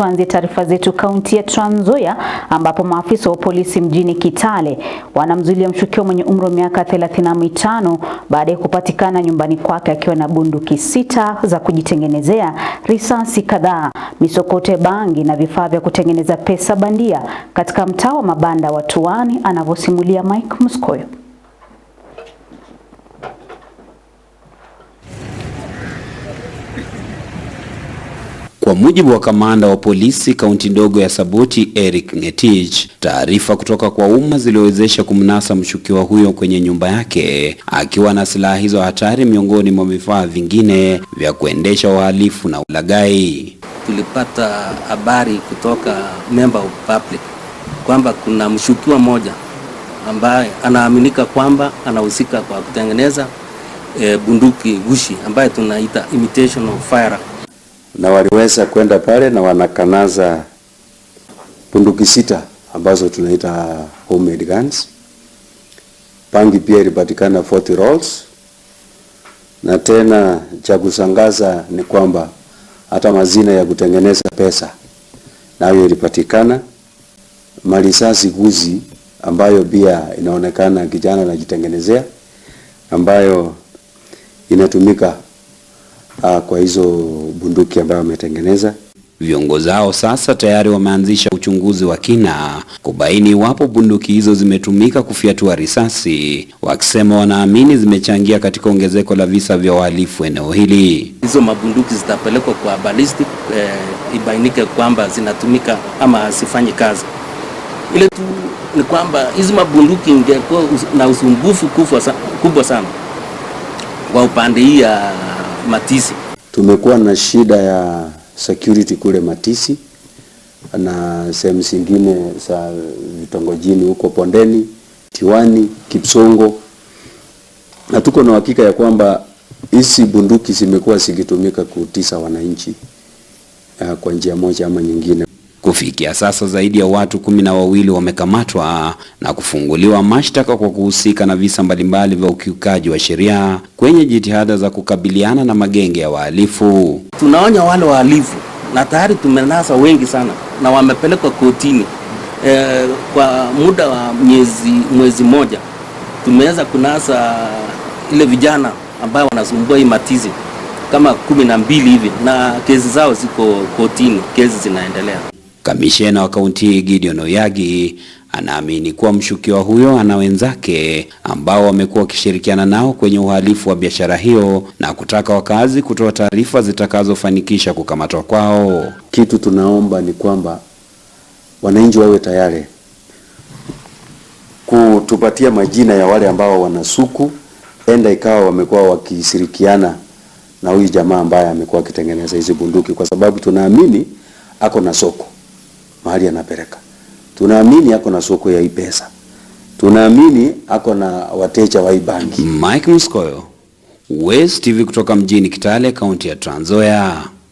tuanze taarifa zetu kaunti ya Trans Nzoia ambapo maafisa wa polisi mjini Kitale wanamzuilia mshukiwa mwenye umri wa miaka 35 baada ya kupatikana nyumbani kwake akiwa na bunduki sita za kujitengenezea, risasi kadhaa, misokote bangi na vifaa vya kutengeneza pesa bandia katika mtaa wa mabanda wa Tuani, anavyosimulia Mike Muskoyo. Kwa mujibu wa kamanda wa polisi kaunti ndogo ya Saboti Eric Ngetich, taarifa kutoka kwa umma ziliwezesha kumnasa mshukiwa huyo kwenye nyumba yake akiwa na silaha hizo hatari miongoni mwa vifaa vingine vya kuendesha uhalifu na ulagai Tulipata habari kutoka member of public kwamba kuna mshukiwa mmoja ambaye anaaminika kwamba anahusika kwa kutengeneza e, bunduki gushi ambayo tunaita imitation of fire na waliweza kwenda pale na wanakanaza bunduki sita ambazo tunaita homemade guns. Pangi pia ilipatikana 40 rolls, na tena cha kusangaza ni kwamba hata mazina ya kutengeneza pesa nayo ilipatikana. Marisasi guzi ambayo pia inaonekana kijana anajitengenezea ambayo inatumika uh, kwa hizo bunduki ambayo wametengeneza. Viongozi hao sasa tayari wameanzisha uchunguzi wa kina kubaini iwapo bunduki hizo zimetumika kufyatua risasi, wakisema wanaamini zimechangia katika ongezeko la visa vya uhalifu eneo hili. Hizo mabunduki zitapelekwa kwa ballistic eh, ibainike kwamba zinatumika ama hazifanye kazi. Ile tu ni kwamba hizo mabunduki ingekuwa na usumbufu kubwa sana kwa upande hii ya Matisi. Tumekuwa na shida ya security kule Matisi na sehemu zingine za vitongojini huko Pondeni, Tiwani, Kipsongo, na tuko na hakika ya kwamba hizi bunduki zimekuwa zikitumika kutisa wananchi eh, kwa njia moja ama nyingine. Kufikia sasa zaidi ya watu kumi na wawili wamekamatwa na kufunguliwa mashtaka kwa kuhusika na visa mbalimbali vya ukiukaji wa sheria kwenye jitihada za kukabiliana na magenge ya wahalifu. Tunaonya wale wahalifu na tayari tumenasa wengi sana na wamepelekwa kotini. E, kwa muda wa miezi mwezi moja tumeweza kunasa ile vijana ambayo wanasumbua hii matizi kama kumi na mbili hivi, na kesi zao ziko kotini, kesi zinaendelea. Kamishena wa kaunti Gideon Oyagi anaamini kuwa mshukiwa huyo ana wenzake ambao wamekuwa wakishirikiana nao kwenye uhalifu wa biashara hiyo na kutaka wakazi kutoa taarifa zitakazofanikisha kukamatwa kwao. Kitu tunaomba ni kwamba wananchi wawe tayari kutupatia majina ya wale ambao wanasuku, enda ikawa wamekuwa wakishirikiana na huyu jamaa ambaye amekuwa akitengeneza hizi bunduki, kwa sababu tunaamini ako na soko mahali anapeleka. Tunaamini ako na soko ya hii pesa, tunaamini ako na wateja wa hii banki. Mike Muskoyo, West TV kutoka mjini Kitale, kaunti ya Trans Nzoia.